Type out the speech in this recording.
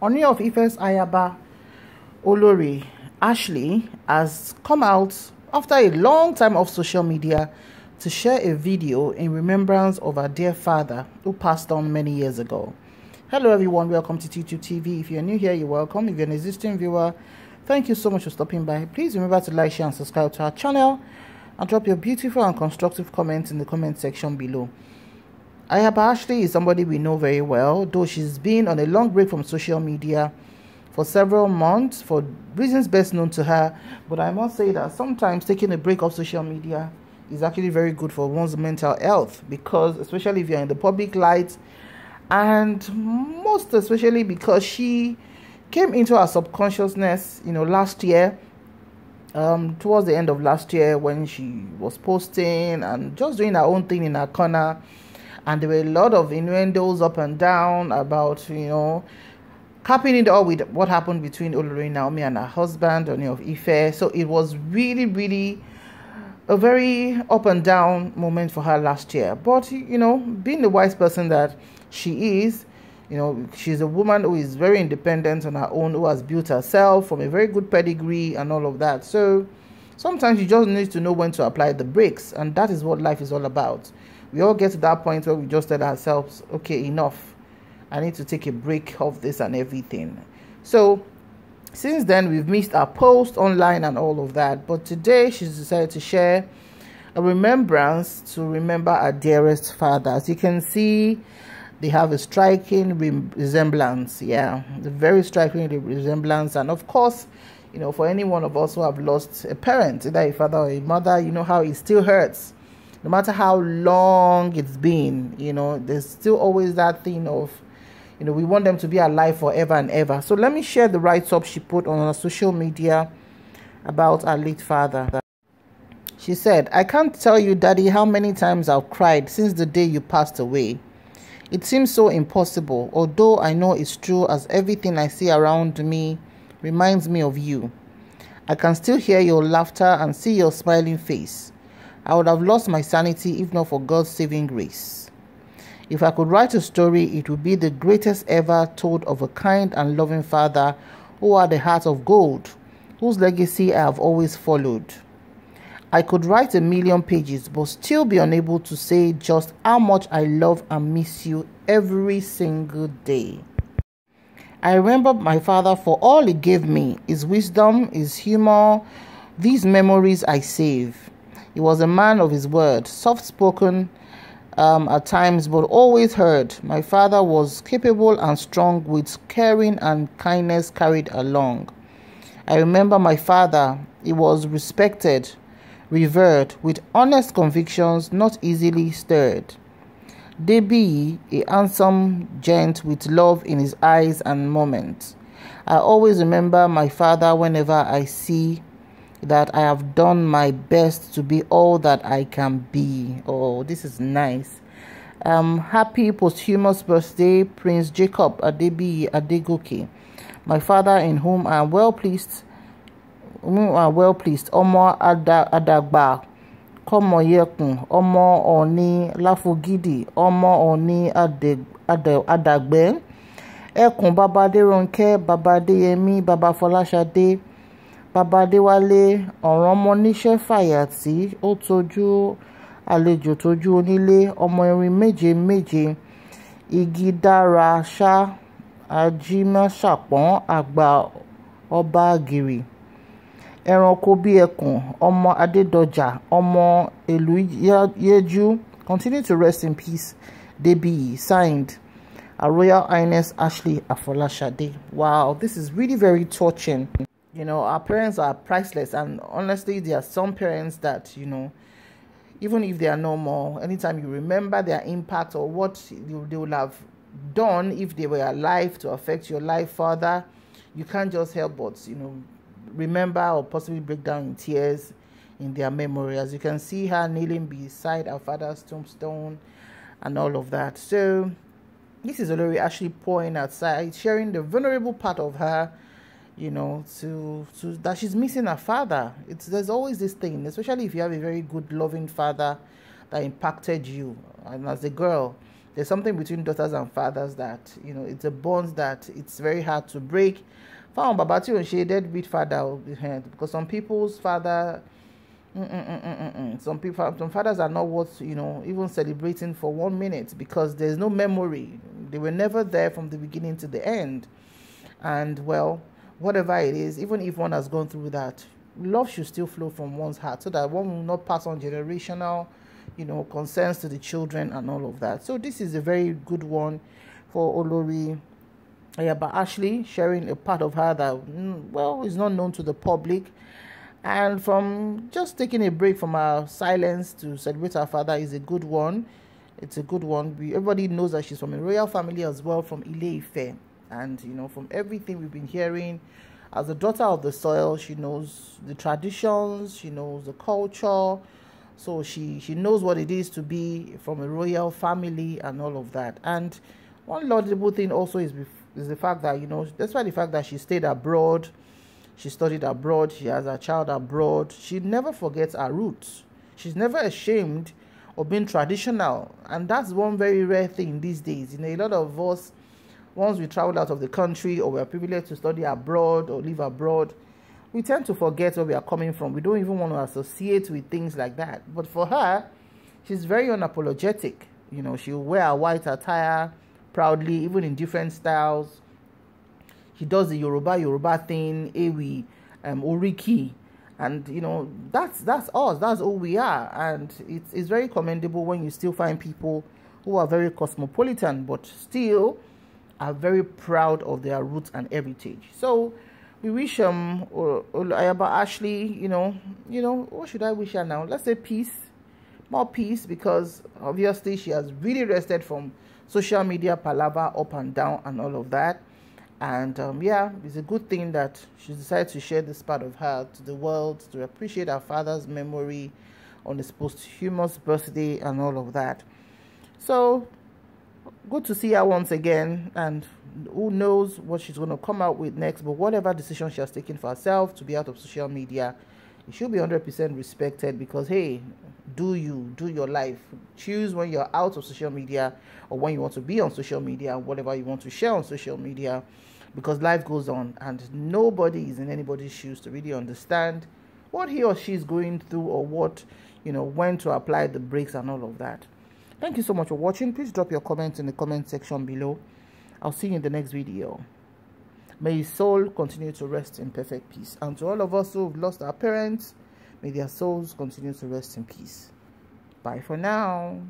Oni of Ife's Ayaba Olori Ashley has come out after a long time of social media to share a video in remembrance of her dear father who passed on many years ago. Hello everyone, welcome to T2 TV. If you're new here, you're welcome. If you're an existing viewer, thank you so much for stopping by. Please remember to like, share and subscribe to our channel and drop your beautiful and constructive comments in the comment section below. Ayaba Ashley is somebody we know very well, though she's been on a long break from social media for several months for reasons best known to her. But I must say that sometimes taking a break off social media is actually very good for one's mental health because, especially if you're in the public light, and most especially because she came into our subconsciousness, you know, last year, um, towards the end of last year when she was posting and just doing her own thing in her corner and there were a lot of innuendos up and down about you know capping it all with what happened between Olori Naomi and her husband Oni of Ife. So it was really, really a very up and down moment for her last year. But you know, being the wise person that she is, you know, she's a woman who is very independent on her own, who has built herself from a very good pedigree and all of that. So sometimes you just need to know when to apply the brakes, and that is what life is all about we all get to that point where we just tell ourselves, okay, enough. I need to take a break of this and everything. So since then, we've missed our post online and all of that. But today, she's decided to share a remembrance to remember our dearest father. As you can see, they have a striking resemblance. Yeah, the very striking resemblance. And of course, you know, for any one of us who have lost a parent, either a father or a mother, you know how it still hurts no matter how long it's been, you know, there's still always that thing of, you know, we want them to be alive forever and ever. So let me share the write up she put on her social media about our late father. She said, I can't tell you, Daddy, how many times I've cried since the day you passed away. It seems so impossible, although I know it's true as everything I see around me reminds me of you. I can still hear your laughter and see your smiling face. I would have lost my sanity if not for God's saving grace. If I could write a story, it would be the greatest ever told of a kind and loving father who had a heart of gold, whose legacy I have always followed. I could write a million pages, but still be unable to say just how much I love and miss you every single day. I remember my father for all he gave me his wisdom, his humor, these memories I save. He was a man of his word, soft spoken um, at times, but always heard. My father was capable and strong, with caring and kindness carried along. I remember my father, he was respected, revered, with honest convictions, not easily stirred. Debbie, a handsome gent with love in his eyes and moments. I always remember my father whenever I see that I have done my best to be all that I can be. Oh, this is nice. Um, happy posthumous birthday, Prince Jacob Adebi Adegoke. My father, in whom I am well pleased, whom I am well pleased, Omo Adagba, Komo Yekun, Omo Oni Lafugidi, Omo Oni Adagbe, Ekun Baba Deronke, Baba Deyemi, Baba Folashade, baba adéwálé ọ̀ràn ọmọ oníṣẹ́ fàyàtì ó tọ́jú àlejò tọ́jú onílé ọmọ erin méje méje igi dára ṣá ajímọ́sàpọ́n àgbà ọba àgìrì ẹranko bíi ẹkùn ọmọ adédọjà ọmọ èlú yẹjú continue to rest in peace debi signed Her Royal Highness Ashley Afolashade. Wow, this is really very touching. you know our parents are priceless and honestly there are some parents that you know even if they are no more anytime you remember their impact or what they would have done if they were alive to affect your life further you can't just help but you know remember or possibly break down in tears in their memory as you can see her kneeling beside her father's tombstone and all of that so this is Olori actually pouring outside sharing the vulnerable part of her you know, to, to that she's missing her father. It's there's always this thing, especially if you have a very good, loving father that impacted you. And as a girl, there's something between daughters and fathers that you know it's a bond that it's very hard to break. Found Babati and she deadbeat father because some people's father. Mm mm mm, mm -mm -mm some people, some fathers are not worth you know even celebrating for one minute because there's no memory. They were never there from the beginning to the end, and well, whatever it is, even if one has gone through that, love should still flow from one's heart so that one will not pass on generational, you know, concerns to the children and all of that. So this is a very good one for Olori. Yeah, but Ashley sharing a part of her that, mm, well, is not known to the public. And from just taking a break from our silence to celebrate our father is a good one. It's a good one. We, everybody knows that she's from a royal family as well, from Ile Ife. And you know, from everything we've been hearing, as a daughter of the soil, she knows the traditions, she knows the culture. So she, she knows what it is to be from a royal family and all of that. And one laudable thing also is, is the fact that, you know, despite the fact that she stayed abroad, she studied abroad, she has a child abroad, she never forgets her roots. She's never ashamed of being traditional. And that's one very rare thing these days. You know, a lot of us once we travel out of the country or we are privileged to study abroad or live abroad, we tend to forget where we are coming from. We don't even want to associate with things like that. But for her, she's very unapologetic. You know, she'll wear a white attire proudly, even in different styles. She does the Yoruba Yoruba thing, Ewi, um, Oriki. And you know, that's that's us, that's all we are. And it's it's very commendable when you still find people who are very cosmopolitan, but still are very proud of their roots and heritage. So we wish um or, Ashley, you know, you know, what should I wish her now? Let's say peace, more peace, because obviously she has really rested from social media palaver up and down and all of that. And um, yeah, it's a good thing that she decided to share this part of her to the world to appreciate her father's memory on his posthumous birthday and all of that. So good to see her once again and who knows what she's going to come out with next but whatever decision she has taken for herself to be out of social media it should be 100% respected because hey do you do your life choose when you're out of social media or when you want to be on social media and whatever you want to share on social media because life goes on and nobody is in anybody's shoes to really understand what he or she is going through or what you know when to apply the brakes and all of that Thank you so much for watching. Please drop your comments in the comment section below. I'll see you in the next video. May his soul continue to rest in perfect peace. And to all of us who have lost our parents, may their souls continue to rest in peace. Bye for now.